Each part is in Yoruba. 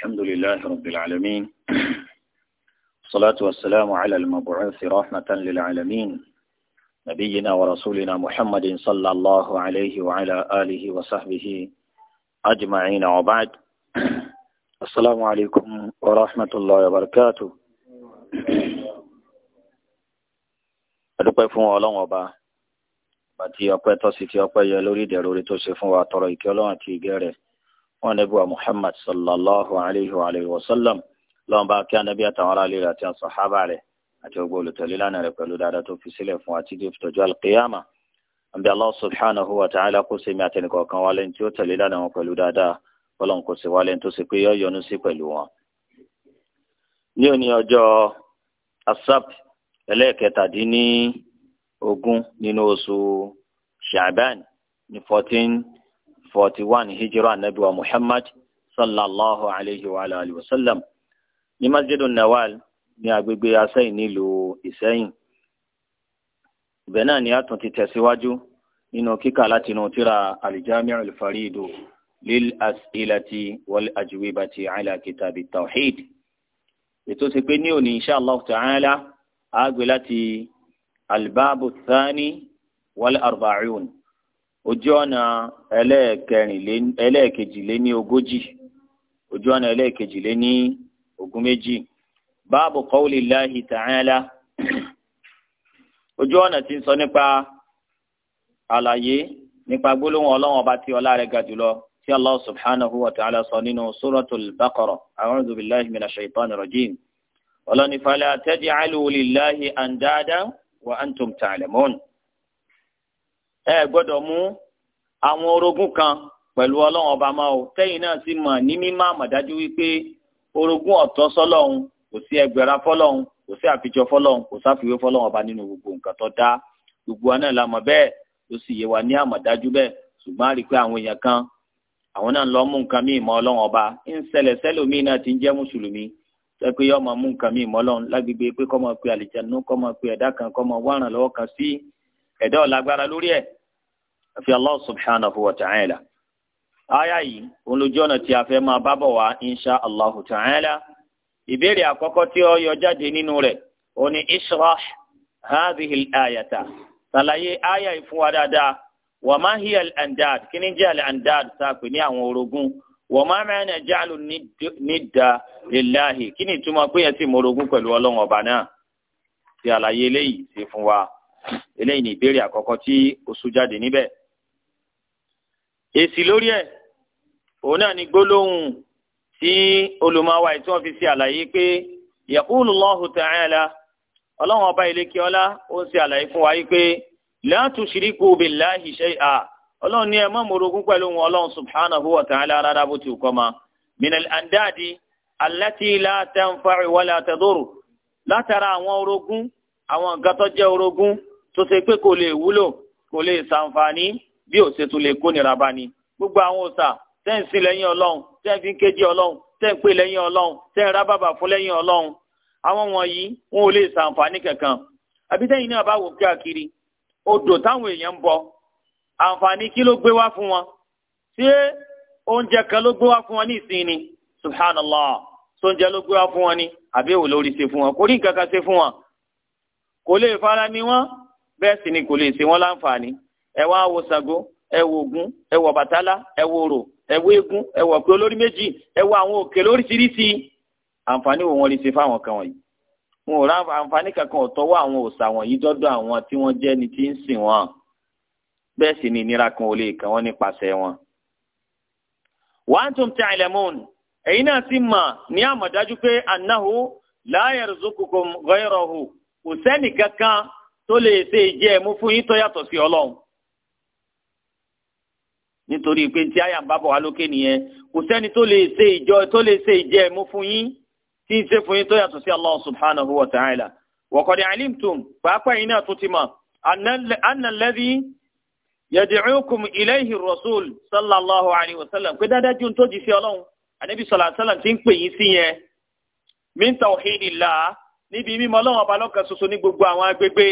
الحمد لله رب العالمين الصلاة والسلام على المبعوث رحمة للعالمين نبينا ورسولنا محمد صلى الله عليه وعلى آله وصحبه أجمعين وبعد السلام عليكم ورحمة الله وبركاته adúpẹ́ fún ọlọ́run ọba ọba ọpẹ́ tọ́ tí ọpẹ́ yẹ lórí ìdẹ̀rù orí tó ṣe fún wa tọrọ ìkẹ́ ọlọ́run àti ìgẹ́ rẹ̀ wọn nàbí wa muhammad sallallahu alayhi wa alayhi wa sallam lọ́wọ́n bá kí anabi àtàwọn ará lílo àti sàhábà rẹ̀ àti gbogbo olùtọ́lé lánàá rẹ̀ pẹ̀lú dáadáa tó fi sílẹ̀ fún àti tó fi alqiyama àbí allah subhanahu wa ta'ala kó sèmi àtẹnìkọ̀ọ̀kan wálé tí ó tẹ̀lé lánàá wọn pẹ̀lú dáadáa ọlọ́run kò sí wálé tó sì pé yọ yọ́nú sí pẹ̀lú wọn. ní òní ọjọ́ asap ẹlẹ́ẹ̀kẹtàdínní ogún nínú oṣù shaban ní fourteen forty one hijira anabi wa muhammad sallallahu alayhi wa alayhi wa sallam ní masjidu nawal ní agbègbè asẹ́yìn nílùú ìsẹ́yìn ibẹ̀ náà ni a tún ti tẹ̀síwájú nínú kíkà láti inú tíra alijami alifarido lil asilati wal ajiwibati ala kitabi tawhid ètò sì pé ní òní insha allah ta'ala a láti albaabu thani wal arba'un ojú ọ̀nà ẹlẹ́ẹ̀kejìléní ogójì ojú ọ̀nà ẹlẹ́ẹ̀kejìléní ogún méjì báàbù kọ́wùlì láhi ta'ala ojú ọ̀nà tí ń sọ nípa àlàyé nípa gbólóhùn ọlọ́run ọba tí ọlá rẹ̀ ga jùlọ tí allah subhanahu wa ta'ala sọ nínú suratul baqara a'udhu billahi minash shaitani rajim ọlọ́ni fala taj'alu lillahi andada wa antum ta'lamun. ẹ gbọdọ mú àwọn orogún kan pẹ̀lú ọlọ́run ọba máa o teyi náà sì ma ní ma àmọ̀dájú wípé orogún ọ̀tọ̀ sọ́lọ́run kò sí ẹgbẹ̀ra fọ́lọ́run kò sí àfijọ́ fọ́lọ́run kò sáfiwé fọ́lọ́run ọba nínú gbogbo nǹkan tó dá gbogbo wa náà la mọ̀ bẹ́ẹ̀ ló sì yé wa ní àmọ̀dájú bẹ́ẹ̀ a rí i pé àwọn èèyàn kan àwọn náà ń lọ mú nǹkan míì ọba ń náà ti ń mùsùlùmí pé mú nǹkan míì lágbègbè pé pé pé ẹ̀dá ò lágbára lórí ẹ̀ àfi Allah subhanahu wa ta'ala aya yìí òun lójú ọ̀nà tí a fẹ́ máa bá bọ̀ wá insha Allah ta'ala ìbéèrè àkọ́kọ́ tí ó yọ jáde nínú rẹ̀ ó ní ishrah hadhihi al-ayata ṣàlàyé aya yìí fún wa dáadáa wa ma hiya al-andad kí ni jẹ́ al-andad tá ní àwọn orogún wa ma ma'na ja'lu nidda lillahi kí ni ìtumọ̀ pé yẹn ti mọ orogún pẹ̀lú ọlọ́run ọba náà ṣe àlàyé eléyìí ṣe fún wa eléyìí ni ìbéèrè àkọ́kọ́ tí ó sún jáde níbẹ̀ èsì lórí ẹ̀ òun náà ni gbólóhùn tí olùmọ̀wá tí wọ́n fi ṣe àlàyé pé yaqulu Allahu ta'ala ọlọ́run ọba ìlékè ọlá ó ń ṣe àlàyé fún wa yìí pé la tushriku billahi shay'a ọlọ́run ní ẹ má morogún pẹ̀lú wọn ọlọ́run subhanahu wa ta'ala rárá bó ti kọ́ ma minal andadi allati la tanfa'u wa la látara àwọn orogún àwọn nǹkan orogún tó ṣe pé kò lè wúlò kò lè ṣàǹfààní bí ò ṣe tún lè kó nira bá ni gbogbo àwọn òòṣà tẹ́ ń sin lẹ́yìn ọlọ́run tẹ́ ń fi ń kéjì ọlọ́run tẹ́ ń pè lẹ́yìn ọlọ́run tẹ́ ń rábàbà fún lẹ́yìn ọlọ́run àwọn wọ̀nyí wọn ò lè ṣàǹfààní kankan àbítẹ́yìn náà bá wò kíákiri odò táwọn èèyàn ń bọ àǹfààní kí ló gbé wá fún wọn ṣé oúnjẹ kan ló gbé wá fún wọn ní ìsìn ni subhanallah sóúnjẹ ló gbé wá fún wọn ni àbí èwo lórí ṣe fún wọn kò rí nǹkan kan ṣe fún wọn kò lè fara ni wọn bẹ́ẹ̀ sì ni kò lè ṣe wọ́n láǹfààní ẹ wá wo Ṣàngó ẹ wo Ògún ẹ wo Ọbàtálá ẹ wo Orò ẹ wo eégún ẹ wo ọ̀pẹ olórí méjì ẹ wo àwọn òkè lóríṣiríṣi àǹfààní wo wọ́n lè ṣe fáwọn kan wọ̀nyí wọn ò rá àǹfààní kankan ọ̀tọ́wọ́ àwọn òòṣà wọ̀nyí dọ́dọ̀ àwọn tí wọ́n jẹ́ ni tí ń sìn wọn bẹ́ẹ̀ sì ni ìnira kan ò lè kàn wọ́n nípasẹ̀ wọn. wàá tún tẹ àìlẹ́mọ́n èyí náà sì mà ní àmọ̀dájú pé annahu la yarzuqukum ghayruhu kò tó lè ṣe ìjẹ́ ẹ̀mú fún yín tó yàtọ̀ sí ọlọ́run nítorí pé tí àyà ń bá bọ̀ wá lókè nìyẹn kò sẹ́ni tó lè ṣe ìjọ tó lè ṣe ìjẹ́ ẹ̀mú fún yín tí ń ṣe fún yín tó yàtọ̀ sí Allah subhanahu wa ta'ala wa qad alimtum pàápàá yín náà tún ti mọ̀ anna alladhi yad'ukum ilayhi rasul sallallahu alayhi wa sallam pé dáadáa ju tó jì sí ọlọ́run anabi sallallahu sallam ti ń pè yín sí yẹn min tawhidillah níbi mímọ́ ọlọ́run ọba lọ́kàn ṣoṣo ní gbogbo àwọn agbègbè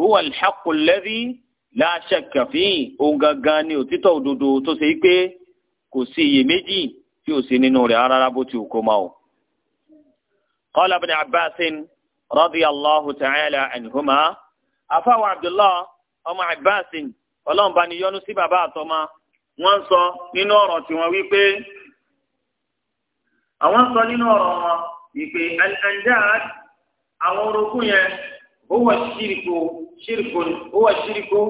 huwa al-haqqu alladhi la shakka fihi òun gangan ni òtítọ́ òdodo tó ṣe pé kò sí iyèméjì tí ò sí nínú rẹ̀ rárá bó ti kó ma o. qala ibn abbas radiyallahu ta'ala anhuma afáwọn abdullah ọmọ abbas ọlọ́run bá ní yọ́nú sí bàbá àtọ́mọ wọ́n ń sọ nínú ọ̀rọ̀ tiwọn wípé àwọn sọ nínú ọ̀rọ̀ wọn wípé al-andad àwọn orogún yẹn huwa ash-shirku ṣírìkù ó wà ṣírìkù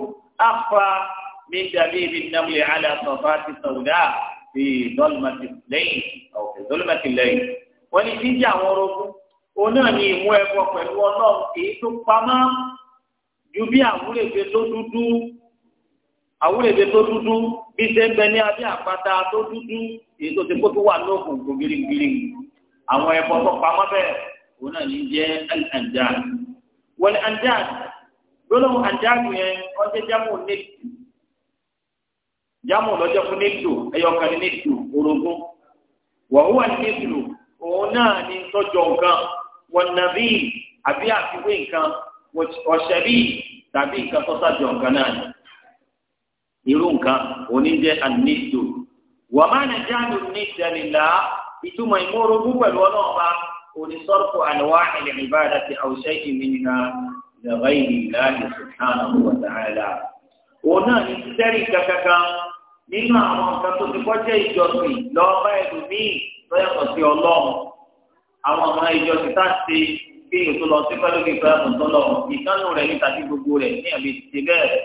afa min dàbíbi nàmúlẹ̀ alàtọ̀fà ti sàwùdà fi dọ́lùmọ̀tì lẹ́yìn ọ̀fẹ́ dọ́lùmọ̀tì lẹ́yìn. wọ́n ní jíjí àwọn orogún òun náà ní ìmú ẹ̀kọ́ pẹ̀lú ọlọ́run èyí tó pamọ́ ju bí àwúrẹ̀dẹ tó dúdú àwúrẹ̀dẹ tó dúdú bí sẹ́ńbẹ́ ní abẹ́ àpáta tó dúdú èyí tó ti kó tó wà lóògùn gbòǹgbìrìngbìrì àwọn ẹ̀kọ́ tó pamọ́ bẹ́ẹ̀ òun náà ní jẹ́ ẹ̀ńdàn wọ́n ẹ̀ńdàn gbólóhùn àjáàmù yẹn ọjọ́ jámù nẹ́ẹ̀tù jámù lọ́jọ́ fún nẹ́ẹ̀tù ẹ̀yọkàn ní nẹ́ẹ̀tù orogún wàhùwà nẹ́ẹ̀tù òun náà ní tọ́jọ nǹkan wọ́n nàbí àbí àfiwé nǹkan ọ̀ṣẹ́ bí tàbí nǹkan tó sájọ nǹkan náà ni irú nǹkan òní jẹ́ àníṣò wà má nà jáde ní ìdánilá ìtumọ̀ ìmúrogún pẹ̀lú ọlọ́ọ̀ba òní sọ́rọ̀kọ̀ àlùwá ìlẹ̀ ìbáradà ìmìnira lẹ́gbẹ̀ẹ́ ìlànà sùkánà wọ̀tàrẹ́là. òun náà ní sísẹ́rì kankan nínú àwọn nǹkan tó ti kọjá ìjọsìn lọ́ọ́bá ẹlòmíì lọ́yàtọ̀ sí ọlọ́run àwọn ọmọ ìjọsìn tá a ṣe bí ètò lọ sí pẹ̀lú kíkọ́ ẹ̀sùn tó lọ ìkánú rẹ̀ níta sí gbogbo rẹ̀ ní ẹ̀mí ti ṣe bẹ́ẹ̀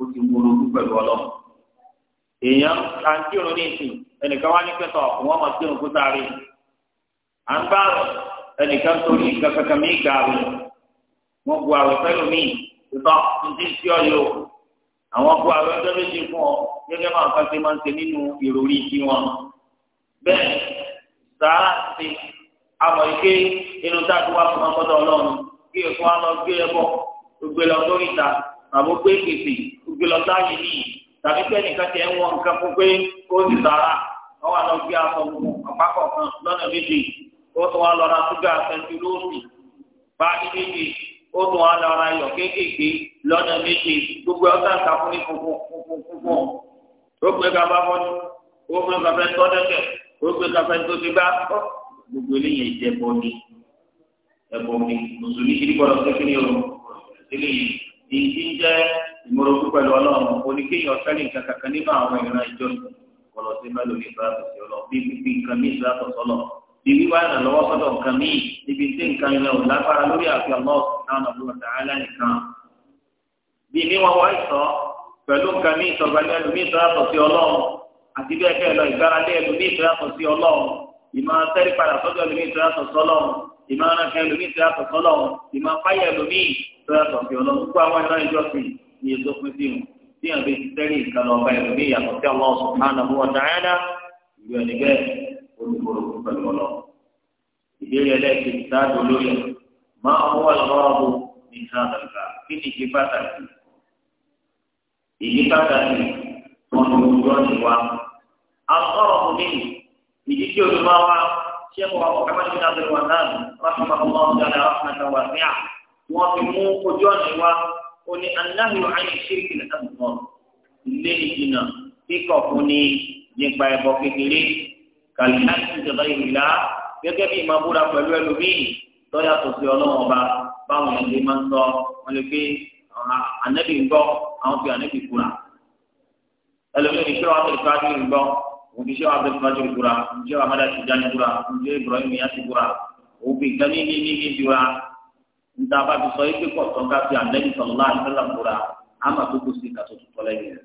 ó ti wo olóògùn pẹ̀lú ọlọ́run. èèyàn à ń kírun ní ìsìn ẹnìkan wá ní pẹ̀tọ̀ ọ̀pọ̀ wọn mọ̀ sí òkúta rẹ̀ à ń bá ẹnìkan torí kankan mi gà rẹ̀ gbogbo àwọn pẹ̀lú mi ìtọ́ ti ti ọ yóò àwọn bu àwọn ọjọ́ méjì fún ọ gẹ́gẹ́ máa kan ṣe máa ń ṣe nínú ìròrí ti wọn bẹ́ẹ̀ sáà ti àmọ̀ ike inú táàbù wa fún ọmọdé ọlọ́run kí ẹ̀fọ́ wa lọ gbé ẹbọ gbogbo lọ sórí ìta àbò gbé kèsì gbogbo lọ sáàyè nìyí tàbí pé nìkan ti ń wọ nǹkan fún pé ó ti sàrà wọ́n wà lọ gbé aṣọ gbogbo àpapọ̀ kan lọ́nà méjì ó tún wà lọ́ra tó gbé aṣọ ìdúró bá ní méjì ó tún wá lọ́ra yọ kéékèèké lọ́nà méje gbogbo ọ̀tá ìtàkùn ní funfun funfun funfun ó gbé kaba fọ́nù ó gbé kaba tọ́dẹ́kẹ̀ ó gbé kaba tó ti bá gbogbo eléyìí jẹ bọ́ọ̀dì ẹ̀bọ̀n mi mùsùlùmí kiri gbọ́dọ̀ kékeré o eléyìí èyí ti ń jẹ́ ìmọ̀lódún pẹ̀lú ọlọ́run oníkéyìn ọ̀sẹ́lì kankan nínú àwọn ìran ìjọ ìkọlọ́sí mẹ́lòmí ìfẹ́ àtọ̀sí ọlọ́ bíbí wà ràn lọ́wọ́ sọ́dọ̀ nǹkan míì níbi tí nǹkan yẹn ò lágbára lórí àfi ọmọ náà lọ́wọ́ tààlà nìkan. bí níwọ̀n wọ́n sọ pẹ̀lú nǹkan míì sọ̀gbà ní ẹlòmíì tó yàtọ̀ sí ọlọ́run àti bẹ́ẹ̀ bẹ́ẹ̀ lọ ìgbáralé ẹlòmíì tó yàtọ̀ sí ọlọ́run ìmọ̀ sẹ́rí padà sọ́dọ̀ ẹlòmíì tó yàtọ̀ sọ́lọ́run ìmọ̀ aránkẹ́ ẹlòmíì tó yàtọ̀ sọ́lọ́run ìmọ̀ fáyà ẹlòmíì tó yàtọ̀ sí ọlọ́run gbogbo àwọn ìran ìjọsìn ni èso pín sí wọn bí wọn bẹ sẹ́rí ìkànnì ọba ẹlòmíì yàtọ̀ sí ọlọ́run subhanahu wa ta'ala ìlú olùkóró pẹ̀lú ọlọ́. ìbéèrè ẹlẹ́ẹ̀kejì dáàbò lórí ẹ̀ máa ń wọ ìrọ́bù ní sàdàgà kí ni ìdí pàtàkì ìdí pàtàkì wọn ló ń gbọ́ ní wa. àkọ́rọ̀ kò ní ìdí tí olùmọ̀ wa ṣé mo wà kọ́ kẹ́mẹ́ ní nàbẹ̀rẹ̀ wọn náà ráfíà ọmọ ọ̀gá ni ráfíà wà ní à wọ́n fi mú ojú ọ̀nà wa ó ní anáhùn ayé ṣíríkì lẹ́tà lé ìjìnà kíkọ̀ fún ní nípa ẹ̀bọ kékeré kàlí láti ìjọba ìlà gẹ́gẹ́ bí ìmọ̀ búra pẹ̀lú ẹlòmíì lọ́yà tó fi ọlọ́wọ́n ọba báwọn ẹ̀dẹ́ máa ń sọ wọn lè pé ànẹ́bí ń gbọ́ àwọn fi ànẹ́bí kura ẹlòmíì ní sẹ́wọ́n abẹ́rẹ́ fáájú ń gbọ́ òun fi sẹ́wọ́n abẹ́rẹ́ fáájú kura ǹjẹ́ wàá mẹ́ta tìjà ní kura ǹjẹ́ Ibrahim yá ti kura òun fi ní ní ní ní jura nta bá sọ yìí pé ká fi ànẹ́bí sọ̀rọ̀ láàrin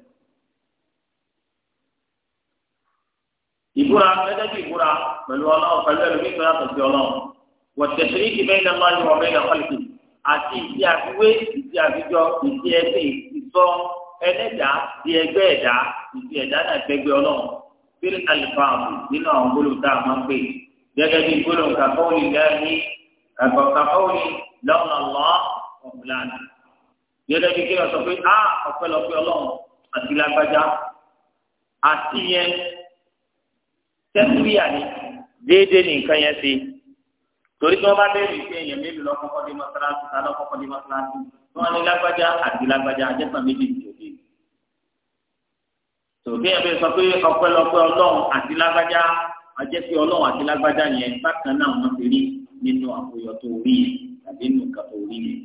ìbúra gẹ́gẹ́ bí ìbúra pẹ̀lú ọlọ́run pẹ̀lú ẹlòmíì tó yàtọ̀ sí ọlọ́run wọ̀tẹ̀sẹ̀rí kì bẹ́ẹ̀ náà lọ́yọ̀ ọ̀bẹ náà kọ́lìkì àti ìdí àfiwé ìdí àfijọ́ ìdí ẹgbẹ́ ìsọ ẹlẹ́dàá ìdí ẹgbẹ́ ẹ̀dá ìdí ẹ̀dá náà gbẹgbẹ́ ọlọ́run fílẹ̀ àlùfáàmù nínú àwọn gbólóhùn tá a máa ń pè gẹ́gẹ́ bí gbólóhùn kàkọ́wé tẹ́kúrìyà ni déédéé ní nǹkan yẹn ṣe torí tí wọ́n bá bẹ̀rẹ̀ ìṣe èèyàn mélòó lọ́kọ́kọ́ dé mọ́sálásí ta lọ́kọ́kọ́ dé mọ́sálásí tí wọ́n ní lágbájá àti lágbájá ajẹ́sàn méjì nìjọ́dé tòkè yẹn bẹ́ẹ̀ sọ pé ọpẹ́lọpẹ́ ọlọ́run àti lágbájá ajẹ́sẹ́ ọlọ́run àti lágbájá yẹn bákan náà wọ́n ti rí nínú àkóyọ tó rí yẹn tàbí nínú nǹkan tó rí yẹn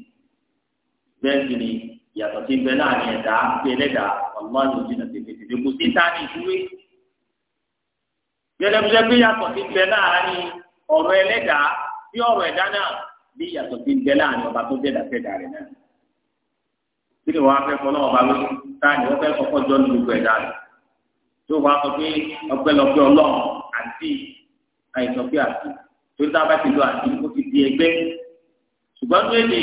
bẹ́ẹ̀ sì ni ìyàtọ̀ ti bẹ láàrin ẹ̀dá bí ẹlẹ́dàá ọlọ́run gẹ́gẹ́ bí yàtọ̀ ti bẹ láàrin ọ̀rọ̀ ẹlẹ́dàá bí ọ̀rọ̀ ẹ̀dá náà bí yàtọ̀ ti bẹ láàrin ọba tó dẹ̀dà fẹ́dà rẹ̀ náà. kí ni wàá fẹ́ fọlọ́ ọba lójú táà ni wọ́n fẹ́ kọ́kọ́ jọ ní gbogbo ẹ̀dá rẹ̀ tó wàá sọ pé ọpẹ́lọpẹ́ ọlọ́run àti àìsàn pé àti tó dá bá ti lọ àti ó ti di ẹgbẹ́ ṣùgbọ́n tó èdè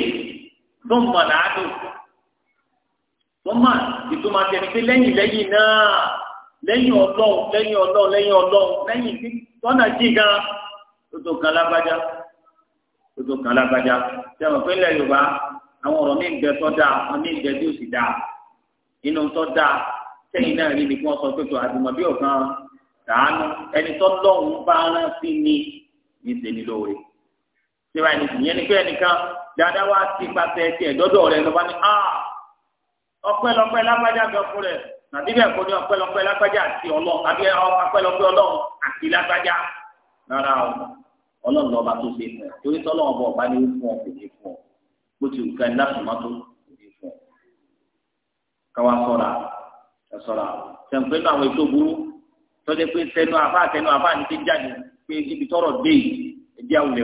tó ń mọ̀ láàdùn tó mọ̀ ìtumọ̀ lẹ́yìn ọlọ́run lẹ́yìn ọlọ́run lẹ́yìn ọlọ́run lẹ́yìn tí tọ́nà jí gan tuntun kan lágbájá tuntun kan lágbájá tí a mọ̀ pé ilẹ̀ yorùbá àwọn ọ̀rọ̀ mi ń bẹ da àwọn mi ń bẹ tí ó sì da inú tọ́ sẹ́yìn náà rí ni kí wọ́n sọ pé tó bí ọ̀kan ẹni tọ́ lọ́hùn bá rán sí ni ní sẹ́ni lóore ṣé wàá nìyí ni pé ẹnìkan dáadáa wá pàṣẹ tiẹ̀ dọ́dọ̀ rẹ̀ nàbí bẹ́ẹ̀ kọ́ ní ọpẹ́lọpẹ́ lágbájá àti ọlọ́run àbí ọpẹ́lọpẹ́ ọlọ́run àti lágbájá rárá o ọlọ́run lọ́ba tó ṣe fún ọ torí tọ́lọ́run bọ̀ ọ̀bá ní ó fún ọ kò ní fún ọ bó ti wù ká ní láti má tó kò ní fún ọ. káwa sọ̀ra ẹ sọ̀ra sẹ̀ǹpẹ́ náà àwọn ètò burú tọ́jú pé sẹ́nu àbá sẹ́nu àbá ní ti jáde pé ibi tọ́rọ̀ dé yìí ẹjẹ́ àwọn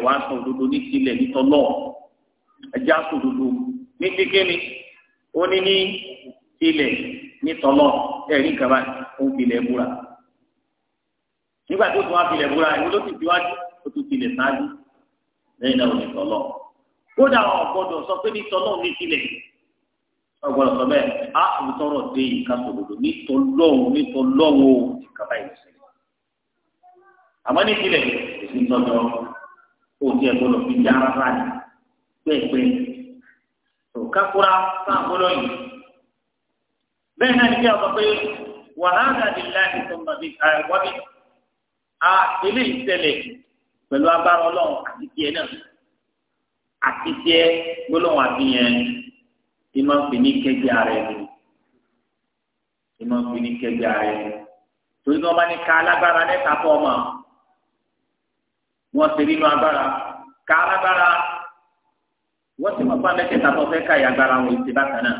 ilẹ̀ wa nítọ́lọ́ ẹ̀rí nǹkan báyìí ó ń filẹ̀ búra nígbà tó tún wá filẹ̀ búra ìwé ló ti tiwájú ó tún filẹ̀ sáájú lẹ́yìn náà ò ní tọ́lọ́ kódà wọn gbọ́dọ̀ sọ pé nítọ́lọ́ ní filẹ̀ ọgbọ́dọ̀ sọ bẹ́ẹ̀ á ìtọ́rọ̀ dé ìkàtòdodo nítọ́lọ́wọ́ nítọ́lọ́wọ́ nǹkan báyìí sẹ́yìn àmọ́ ní filẹ̀ èsì tọ́jọ́ kó tiẹ̀ gbọ́dọ̀ fi jára rà ní pẹ́ẹ́pẹ́ẹ́ òkàkúrá sáà gbọ́dọ̀ yìí bẹ́ẹ̀ náà ní kí a sọ pé wàhálà ní láti tó mọ̀ bí wọ́bí a ilé ìṣẹ̀lẹ̀ pẹ̀lú agbára ọlọ́run àti tiẹ̀ náà àti tiẹ̀ gbólóhùn àfihàn ìmọ̀ fi ní kẹ́gbẹ́ ara ẹni ìmọ̀ fi ní kẹ́gbẹ́ ara ẹni torí wọn bá ní ká alágbára lẹ́ka fọ́ ọmọ wọn ṣe nínú agbára ká alágbára wọ́n ti mọ̀ fún abẹ́kẹ́ta tó fẹ́ ká ìyá agbára wọn ìṣe náà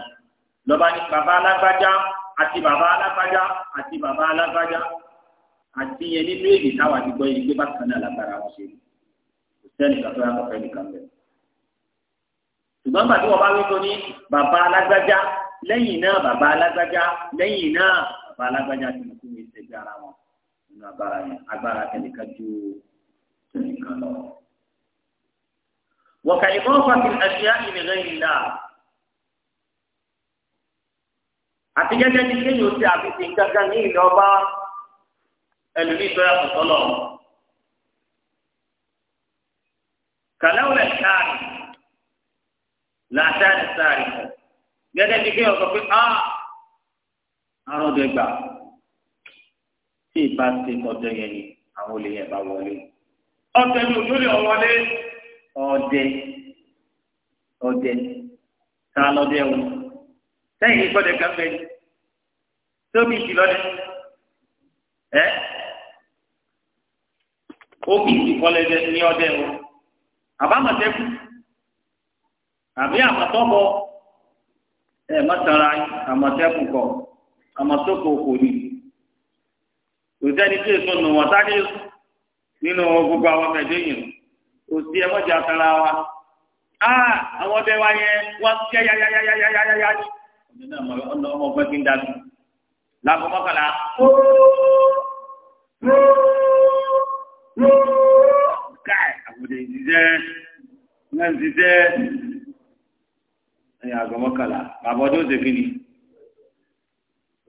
lọ́ba ní bàbá alágbájá àti bàbá alágbájá àti bàbá alágbájá àti yẹn nínú èdè táwa ti gbọ́ yìí gbé bákan náà lágbára wọn ṣe kò sẹ́ni kàtó yà kọ̀ọ̀kan nìkan bẹ̀rẹ̀. ṣùgbọ́n gbàtí wọ́n bá wí tó ní bàbá alágbájá lẹ́yìn náà bàbá alágbájá lẹ́yìn náà bàbá alágbájá ti kú mi ṣe gbára wọn nínú agbára yẹn agbára kẹ́nìkan ju kẹ́nìkan lọ. wọ̀kà ìbọn fàkìlì àṣìyá ìrìnlẹ́ àti gẹ́gẹ́ bí kéèyàn ṣe àfihàn kankan ní ilẹ̀ ọba ẹlòmíì tó yàtọ̀ sọ́lọ̀ kàlẹ́wọ̀lẹ̀ sáàrì làtàrí sáàrì gẹ́gẹ́ bí kéèyàn sọ pé á àròdẹ̀gbà tí ìbá ti ọjọ́ yẹn ni àwọn olè yẹn bá wọlé ọ̀tẹ̀ ni òjòlè ọ̀wọ́lé ọ̀dẹ ọ̀dẹ tá a lọ́dẹ o sẹ́yìn ìgbọ́dẹ kan bẹ́ẹ̀ ni. tóbi jù lọ́dẹ ẹ óbì ìkọlẹ́dẹ ní ọdẹ o àbámọ̀tẹ́kù àbí àmọ̀tọ́bọ ẹ mọ̀tara àmọ̀tẹ́kù kọ àmọ̀tọ́kù kò ní kò sẹ́ni tí èso nù wọ́n sáré nínú gbogbo àwọn ọmọ kò sí ẹ tara wa àwọn ọdẹ wa yá yá yá yá yá yá yá yá láago mọ́kànlá. káì àbùdè ìdíjẹ́ ńlá ìdíjẹ́ ẹ̀yà àgọ́ mọ́kànlá bàbá ọdún ṣe kí ni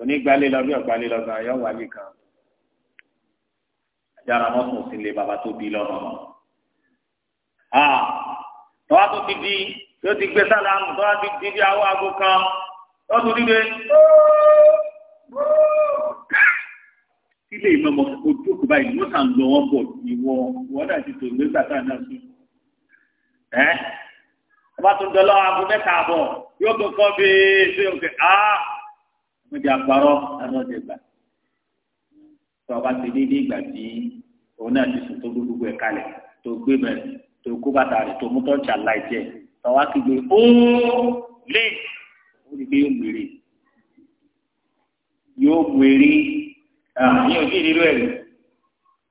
onígbàlè lọ bí ọ̀gbàlè lọ sàn yọ wáyé kan yàrá wọn sùn sílé bàbá tó bí lọ́nà tọ́wá tó ti di tó ti gbé sálámù tọ́wá ti di bí awọ àgọ́ kan tó tún dìde. Ilé ìmọ̀mọ̀ ojú òkú báyìí wọ́n kàn lọ wọ́n bọ̀ ìwọ wọ́dà ti tò lórí bàtà náà sùn. Ẹ́ ọba tó ń dọ́lọ́ aago mẹ́ta àbọ̀ yóò tó kọ́ bí ṣé òkè á. Mo jẹ àpárọ̀ àná ọ̀dẹ̀ gbà. Tí ọba ti dé dé ìgbà tí òun náà ti sùn tó gbogbo ẹ̀ kalẹ̀ tó gbé bẹ̀rẹ̀ tó kó bàtà rẹ̀ tó mú tọ́jà láì jẹ́ tọ́wá kígbe ó lé ó lè gbé yóò mèrè yóò bu eré ní òjì ìdírò ẹ̀ rí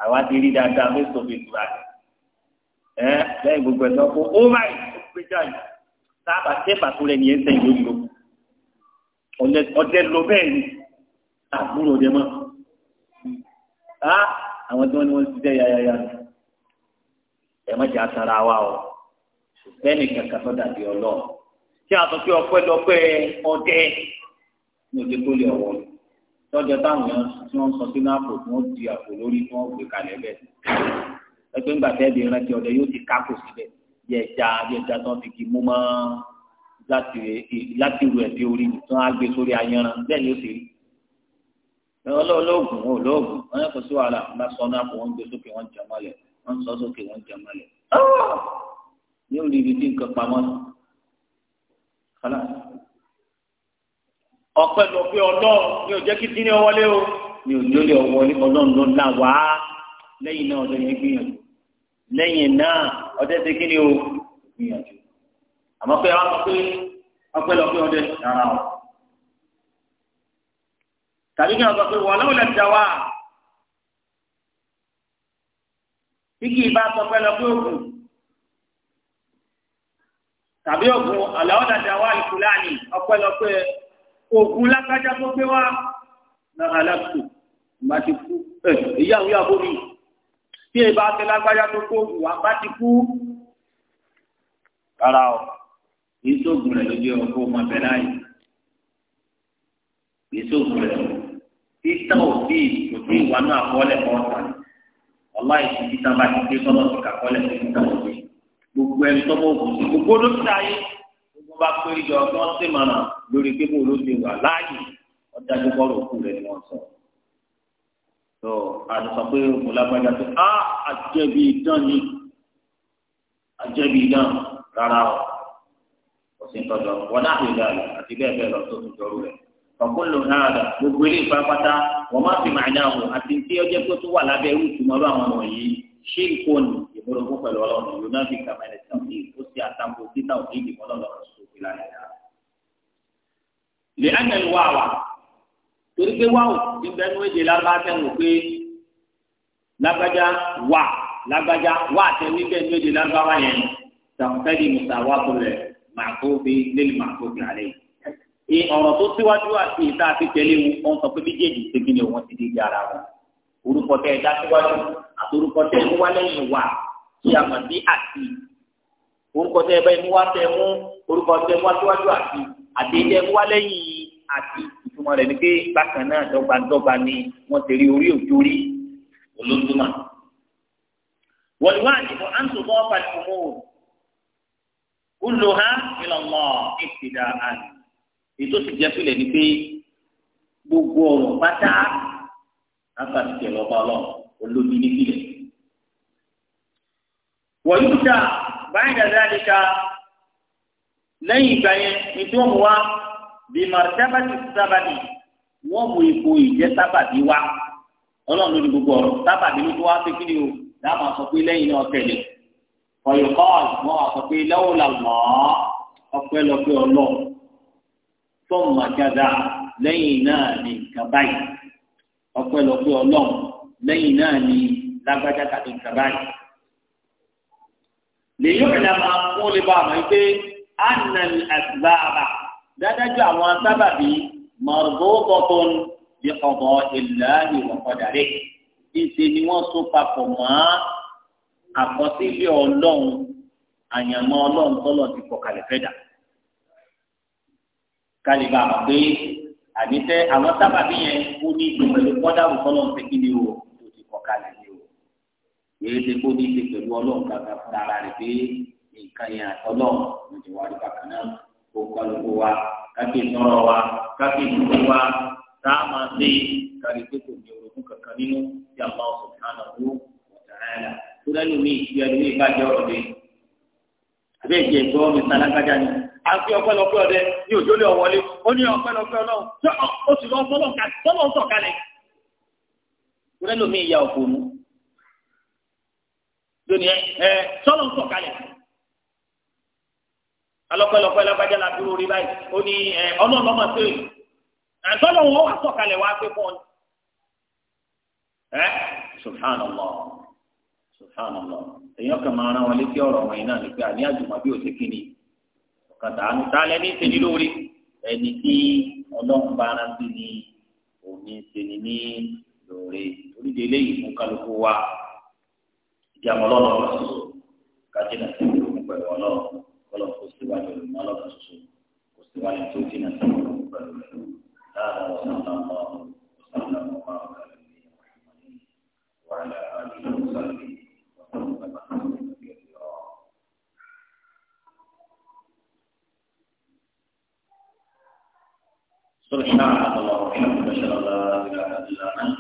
àwa ti rí dáadáa fún ìsòfin ìtura rẹ̀ ẹ lẹ́yìn gbogbo ẹ̀ lọ́kọ́ ó máa yìí ó gbé jáde sábà tẹ́fà tó rẹ̀ ní ẹsẹ̀ yìí ó lò ọ̀dẹ lọ bẹ́ẹ̀ ni àbúrò ọ̀dẹ mọ́ á àwọn tí wọ́n ní wọ́n ti dẹ́ yáyáyá ẹ má jẹ́ àtàrà wa o bẹ́ẹ̀ni kankan tó dàbí ọlọ́ọ̀ tí a sọ pé ọpẹ́ lọpẹ́ ọdẹ ní òde tó lè ọwọ́ mi tọ́jọ́ táwọn èèyàn tí wọ́n ń sọ sínú àpò tí wọ́n di àpò lórí tí wọ́n gbé kalẹ̀ bẹ́ẹ̀ ẹgbẹ́ ńgbà tẹ́ di rántí ọ̀dẹ yóò ti kákò síbẹ̀ yẹ ẹja yẹ ẹja tán ti kì í mú mọ́ láti rú ẹ̀bí orí tí wọ́n á gbé sórí ayanran bẹ́ẹ̀ ni ó ti rí olóògùn olóògùn wọn yẹ kó sí wàhálà wọn bá sọ náà kó wọn gbé sókè wọn jẹ mọ́lẹ̀ wọn sọ sókè wọn jẹ mọ́lẹ̀ ní orí tí nǹkan pamọ́ kálá ọpẹ́ lọ pé Ọlọ́run ni ò jẹ́ kí tí ní ọwọlé o ni ò ní ó lè ọwọlé Ọlọ́run ló là wá lẹ́yìn náà ọdẹ yẹn gbìyànjú lẹ́yìn náà ọdẹ ti kí ni o gbìyànjú àmọ́ pé àwọn pé ọpẹ́ lọ pé ọdẹ rárá o tàbí kí wọn sọ pé wọn lọ́wọ́ lẹ́tí àwa bí kì í bá sọ pé lọ pé òkun tàbí òkun àlọ́ ọ̀dàdà wa ìkúlẹ̀ àní ọpẹ́ lọ pé ògùn lágbájá tó gbé wá náà aláàbò ìgbà ti kú ẹ ìyáwó yà bómi tí èyí bá ti lágbájá tó kó ògùn wá bá ti kú rárá o kì í sóògùn rẹ lójú ọkọ ọmọ abẹ láàyè kì í sóògùn rẹ títà òbí kò sí ìwà náà kọ́lẹ̀ kọ́ ọ̀tà ọlá ìsì títà bá ti dé sọ́nà ìkàkọ́lẹ̀ sí títà òbí gbogbo ẹni tọ́mọ ògùn sí gbogbo ló ti wọn bá pé ìjọ tí wọn sì mọ̀nà lórí pé mo ló ti wà láàyè wọn dájú bọ́ọ̀lù òkú rẹ̀ ni wọ́n sọ. tó àdùsọ pé mo lágbájá pé a àjẹbí idán ni àjẹbí idán rárá o kò sí tọjọ wọn náà lè dà àti bẹ́ẹ̀ bẹ́ẹ̀ lọ tó tún jọrú rẹ̀ ọkùnrin lòun náà rà gbogbo ilé ìfapáta wọn má fi màá náà wò àti tí ọjọ́ pé tó wà lábẹ́ irú ìtumọ̀lú àwọn wọ̀nyí ṣé ìkóni ìmúlòkó pẹ̀lú ọlọ́run lòun náà fi kàmẹ́lẹ̀ sàn ní ìkó sí àtàkùn títà òní ìdìbò lọ́lọ́run ìlànà ìdá. lè ánà ìwà wà torí pé wà ó ti bẹnu èdè lágbájá tẹ̀wọ̀n pé lágbájá wà lágbájá wà tẹ̀ ní bẹ́ẹ̀ ní èdè lágbájá yẹn tàkùtẹ́lì mùsàwá tó rẹ̀ màkóbi lẹ́lì màkóbi àlẹ́ yìí. ọ̀rọ̀ tó síwájú àti ìta àti tẹ̀lé wọn sọ pé méjèèjì ṣe kí ni wọ́n ti dé ara wọn orúkọ tẹ ẹ dá síwájú àti orúkọ tẹ ẹ wá lẹ́yìn wà kí a mọ̀ sí àti orúkọ tẹ bẹ́ẹ̀ mú wá tẹ mú orúkọ tẹ mú aṣíwájú àti àdéjẹ mú wá lẹ́yìn àti ìtumọ̀ rẹ̀ ni pé bákan náà dọ́gbadọ́gba ni wọ́n ti rí orí òjò rí olóńtúmọ̀. wọ́n wá àdìbò àǹtò bọ́ pàtìmọ́ kúlò hàn ìlànà ìtìdá àná ètò sì jẹ́ pìlẹ̀ ni pé gbogbo ọ̀rọ̀ pátá àfàtìjẹ̀ lọ́ba ọlọ́run olómi ní pìlẹ̀. wọ́n yóò dáa báyìí dàdíkà lẹ́yìn ìgbà yẹn ètò ọmọ wa bí màrúdábàtì sábàbí wọ́n mú ipò ìjẹ́ sábàbí wa ọlọ́run ló ní gbogbo ọ̀rọ̀ sábàbí ló tó wá sí kíni o dáàmà sọ pé lẹ́yìn náà tẹ̀lé ọ̀yọ̀kọ́ àgbọ̀n àsọ pé lẹ́wọ̀ làmọ́ ọpẹ́ lọ́pẹ́ ọlọ́ fọ́ọ̀mù àjàdá lẹ́yìn náà ní nǹkan báyìí ọpẹ́ lọ́pẹ́ ọlọ́ lẹ́yìn náà ní lágbájá tàbí nǹkan báyìí lèyìn ìlànà àwọn olè bá àmọ́ pé anani àtìláàbà dádájú àwọn sábàbí mọ̀rọ̀bọ̀tọ̀tún bí ọ̀bọ̀ ìlànà ìwọ̀kọ̀dàrẹ́ ìṣe ni wọ́n so papọ̀ mọ́ àkọsílẹ̀ ọlọ́run àyànmọ́ ọlọ́run tọ́lọ̀ ti kọ̀ kalẹ̀ fẹ́ dà kálíbà àmọ́ pé àníṣe àwọn sábàbí yẹn ó ní ìgbìmọ̀ ìlú kọ́dà èyí ṣe kó ní í ṣe pẹ̀lú ọlọ́run kàkà fún ara rẹ̀ pé nǹkan yẹn àtọ́lọ́run ló ti wá rí bákan náà kó kálukú wa kákì sọ̀rọ̀ wa kákì nùkú wa tá a máa ṣe kárí pé kò ní orogún kankan nínú tí a máa sọ fún àwọn ọmọ ọ̀tàrà tó lẹ́nu mi ìfi ẹni ní ìbàjẹ́ ọ̀rọ̀ mi àbẹ́ ìjẹ́ ìgbọ́ mi sálágájá ni a fi ọpẹ́lọpẹ́ ọdẹ ní òjò lé ọwọ́lé ó ní ọpẹ́lọpẹ́ ọlọ́run tó o sì lọ sọ́lọ́ sọ̀kalẹ̀ tó lẹ́nu mi ìyá òkú mu Eh, eh, sọlọ ń sọ̀kalẹ̀ alọpẹlọpẹ lọgbàdé la dúró rí báyìí ó ní ẹ ọlọlọmọ se yìí àtọlọ wọn wà sọ̀kalẹ̀ wá fún ọ ẹ eh, subhanallah subhanallah èèyàn kan máa wọn létí wọn yìí náà àní bí ni ní ya ọlọ́run ọba soso kájínà sí ìlú pẹ̀lú ọlọ́run kọlọ̀ kò síwájú ìlú ọlọ́run soso kò síwájú tó jìnnà sí ìlú pẹ̀lú ìlú láàrin ọ̀sán náà mọ́ ọ̀sán náà mọ́ ọ̀sán náà mọ́ ọ̀sán náà mọ́ ọ̀sán náà mọ́ سبحانك اللهم وبحمدك اشهد ان لا اله الا انت